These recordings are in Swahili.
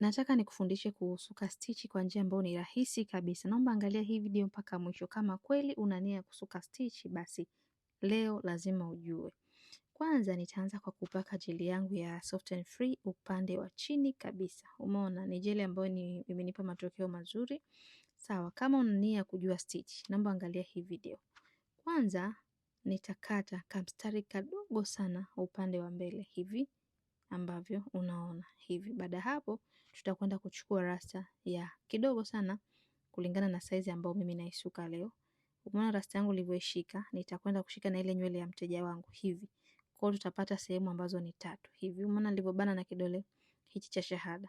Nataka nikufundishe kusuka stichi kwa njia ambayo ni rahisi kabisa. Naomba angalia hii video mpaka mwisho. Kama kweli una nia ya kusuka stichi, basi leo lazima ujue. Kwanza nitaanza kwa kupaka jeli yangu ya Soft and Free upande wa chini kabisa. Umeona ni jeli ambayo ni imenipa matokeo mazuri. Sawa, kama una nia ya kujua stitch, naomba angalia hii video. Kwanza nitakata kamstari kadogo sana upande wa mbele hivi ambavyo unaona hivi. Baada ya hapo, tutakwenda kuchukua rasta ya kidogo sana kulingana na saizi ambayo mimi naisuka leo. Umeona rasta yangu ilivyoishika, nitakwenda kushika na ile nywele ya mteja wangu hivi. Kwa hiyo tutapata sehemu ambazo ni tatu hivi. Umeona nilivyobana na kidole hichi cha shahada.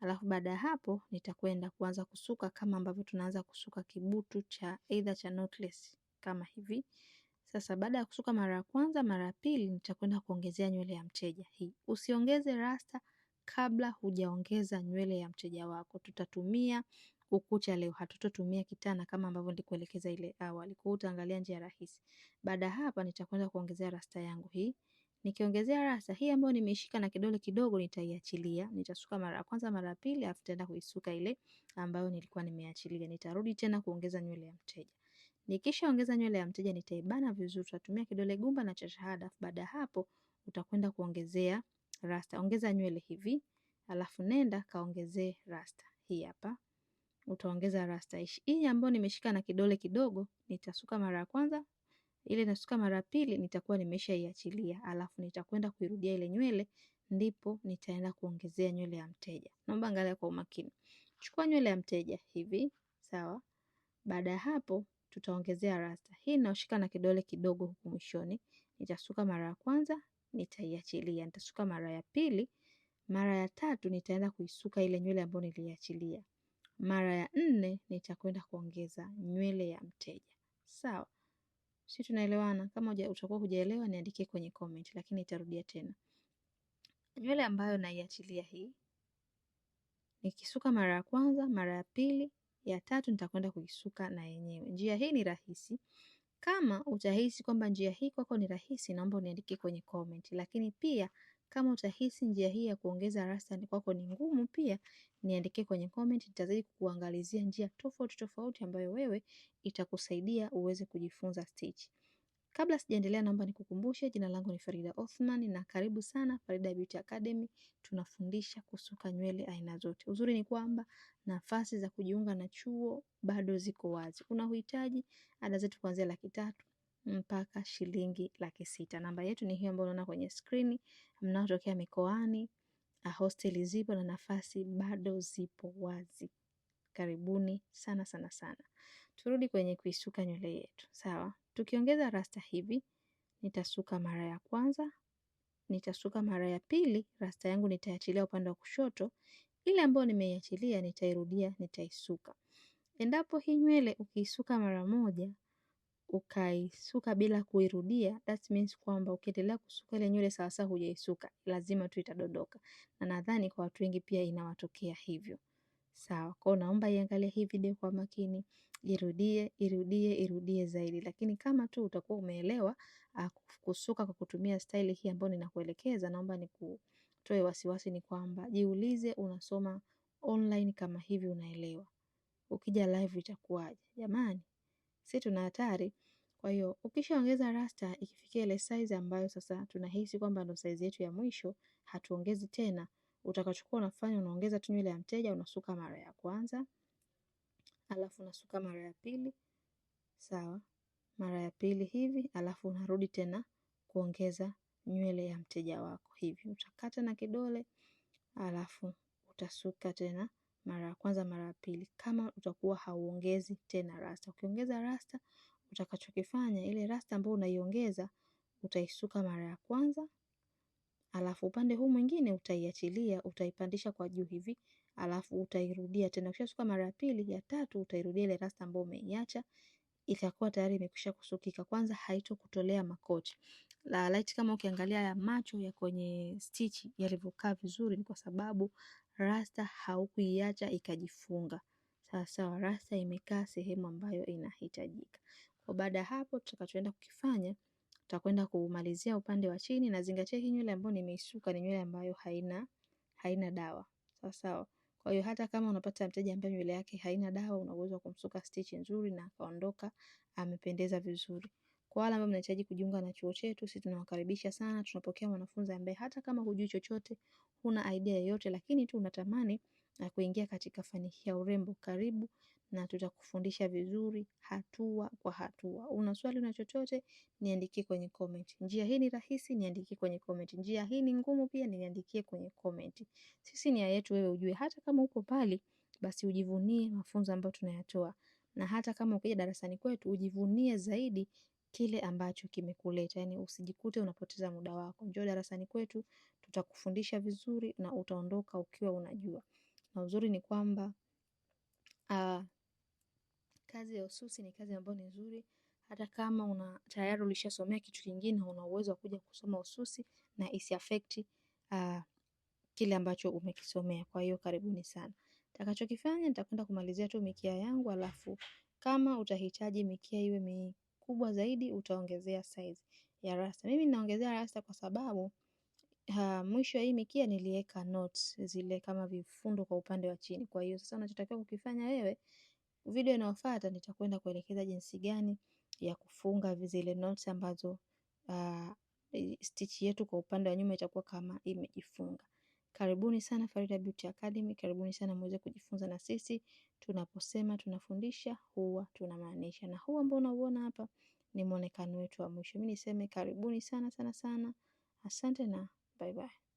Alafu baada ya hapo nitakwenda kuanza kusuka kama ambavyo tunaanza kusuka kibutu cha either cha knotless kama hivi. Sasa baada ya kusuka mara ya kwanza, mara ya pili nitakwenda kuongezea nywele ya mteja hii. Usiongeze rasta kabla hujaongeza nywele ya mteja wako. Tutatumia ukucha leo, hatutotumia kitana kama ambavyo nilikuelekeza ile awali, kwa utaangalia njia rahisi. Baada hapa nitakwenda kuongezea rasta yangu hii. Nikiongezea rasta hii ambayo nimeishika na kidole kidogo, nitaiachilia. Nitasuka mara ya kwanza, mara ya pili, afu tena kuisuka ile ambayo nilikuwa nimeachilia. Nitarudi tena kuongeza nywele ya mteja. Nikishaongeza nywele ya mteja nitaibana vizuri, tutatumia kidole gumba na cha shahada. Baada hapo utakwenda kuongezea rasta. Ongeza nywele hivi, alafu nenda kaongezee rasta. Hii hapa utaongeza rasta hii ambayo nimeshika na kidole kidogo, nitasuka mara ya kwanza. Ile nasuka mara pili nitakuwa nimeshaiachilia, alafu nitakwenda kuirudia ile nywele, ndipo nitaenda kuongezea nywele ya mteja. Naomba angalia kwa umakini, chukua nywele ya mteja hivi, sawa. Baada ya hapo tutaongezea rasta hii. Nashika na kidole kidogo huku mwishoni, nitasuka mara ya kwanza, nitaiachilia, nitasuka mara ya pili, mara ya tatu nitaenda kuisuka ile nywele ambayo niliachilia, mara ya nne nitakwenda kuongeza nywele ya mteja. Sawa, si tunaelewana? Kama utakuwa hujaelewa niandikie kwenye comment, lakini nitarudia tena. Nywele ambayo naiachilia hii nikisuka mara ya kwanza, mara ya pili, ya tatu nitakwenda kuisuka na yenyewe. Njia hii ni rahisi. Kama utahisi kwamba njia hii kwako ni rahisi, naomba uniandike kwenye comment. Lakini pia kama utahisi njia hii ya kuongeza rasta ni kwako ni ngumu, pia niandike kwenye comment. Nitazidi kukuangalizia njia tofauti tofauti ambayo wewe itakusaidia uweze kujifunza stitch. Kabla sijaendelea, naomba nikukumbushe, jina langu ni Farida Othman na karibu sana Farida Beauty Academy. Tunafundisha kusuka nywele aina zote. Uzuri ni kwamba nafasi za kujiunga na chuo bado ziko wazi. Unahitaji ada zetu kuanzia laki tatu mpaka shilingi laki sita. Namba yetu ni hiyo ambayo unaona kwenye skrini. Mnaotokea mikoani, ah, hosteli zipo na nafasi bado zipo wazi. Karibuni sana sana sana. Turudi kwenye kuisuka nywele yetu, sawa? Tukiongeza rasta hivi, nitasuka mara ya kwanza, nitasuka mara ya pili. Rasta yangu nitaachilia upande wa kushoto, ile ambayo nimeiachilia nitairudia, nitaisuka. Endapo hii nywele ukiisuka mara moja ukaisuka bila kuirudia, that means kwamba ukiendelea kusuka ile nywele sawasawa, hujaisuka, lazima tu itadodoka, na nadhani kwa watu wengi pia inawatokea hivyo sawa. Kwa naomba iangalie hii video kwa makini, irudie irudie irudie zaidi, lakini kama tu utakuwa umeelewa ah, kusuka kwa kutumia staili hii ambayo ninakuelekeza, naomba nikutoe wasiwasi, ni kwamba jiulize, unasoma online kama hivi, unaelewa? Ukija live itakuwaje jamani? Si tuna hatari? Kwa hiyo ukishaongeza rasta, ikifikia ile size ambayo sasa tunahisi kwamba ndo size yetu ya mwisho, hatuongezi tena. Utakachokuwa unafanya unaongeza tu nywele ya mteja, unasuka mara ya kwanza, alafu unasuka mara ya pili, sawa, mara ya pili hivi, alafu unarudi tena kuongeza nywele ya mteja wako hivi. Utakata na kidole, alafu utasuka tena mara ya kwanza, mara ya pili, kama utakuwa hauongezi tena rasta. Ukiongeza rasta, utakachokifanya ile rasta ambayo unaiongeza, utaisuka mara ya kwanza alafu upande huu mwingine utaiachilia, utaipandisha kwa juu hivi, alafu utairudia tena. Ukishasuka mara ya pili, ya tatu utairudia ile rasta ambayo umeiacha, itakuwa tayari imekwisha kusukika. Kwanza haitokutolea makocha La light kama ukiangalia ya macho ya kwenye stitch yalivyokaa vizuri, ni kwa sababu rasta haukuiacha ikajifunga. Sawa sawa, rasta imekaa sehemu ambayo inahitajika. Kwa baada ya hapo, tutakachoenda kukifanya Tutakwenda kumalizia upande wa chini na zingatia hii nywele ambayo nimeisuka ni nywele ambayo haina haina dawa. Sawa sawa. Kwa hiyo hata kama unapata mteja ambaye nywele yake haina dawa, una uwezo wa kumsuka stitch nzuri na akaondoka amependeza vizuri. Kwa wale ambao mnahitaji kujiunga na chuo chetu, sisi tunawakaribisha sana. Tunapokea wanafunzi ambaye hata kama hujui chochote, huna idea yoyote, lakini tu unatamani na kuingia katika fani hii ya urembo. Karibu na tutakufundisha vizuri hatua kwa hatua. Una swali na chochote niandikie kwenye comment. Njia hii ni rahisi, niandikie kwenye comment. Njia hii ni ngumu pia niandikie kwenye comment. Sisi nia yetu wewe ujue, hata kama uko pale basi ujivunie mafunzo ambayo tunayatoa, na hata kama ukija darasani kwetu ujivunie zaidi kile ambacho kimekuleta, yani usijikute unapoteza muda wako. Njoo darasani kwetu, tutakufundisha vizuri na utaondoka ukiwa unajua. Na uzuri ni kwamba uh, Kazi ya ususi ni kazi ambayo ni nzuri, hata kama una tayari ulishasomea kitu kingine, una uwezo wa kuja kusoma ususi na isi affect uh, kile ambacho umekisomea. Kwa hiyo karibuni sana. Takachokifanya nitakwenda kumalizia tu mikia yangu, alafu kama utahitaji mikia iwe mikubwa zaidi, utaongezea size ya rasta. Mimi ninaongezea rasta kwa sababu uh, mwisho ya hii mikia niliweka knots zile kama vifundo kwa upande wa chini. Kwa hiyo sasa unachotakiwa kukifanya wewe Video inayofuata nitakwenda kuelekeza jinsi gani ya kufunga zile notes ambazo uh, stitch yetu kwa upande wa nyuma itakuwa kama imejifunga. Karibuni sana Farida Beauty Academy, karibuni sana muweze kujifunza na sisi. Tunaposema tunafundisha huwa tunamaanisha, na huu ambao unauona hapa ni mwonekano wetu wa mwisho. Mimi niseme karibuni sana sana sana, asante na bye bye.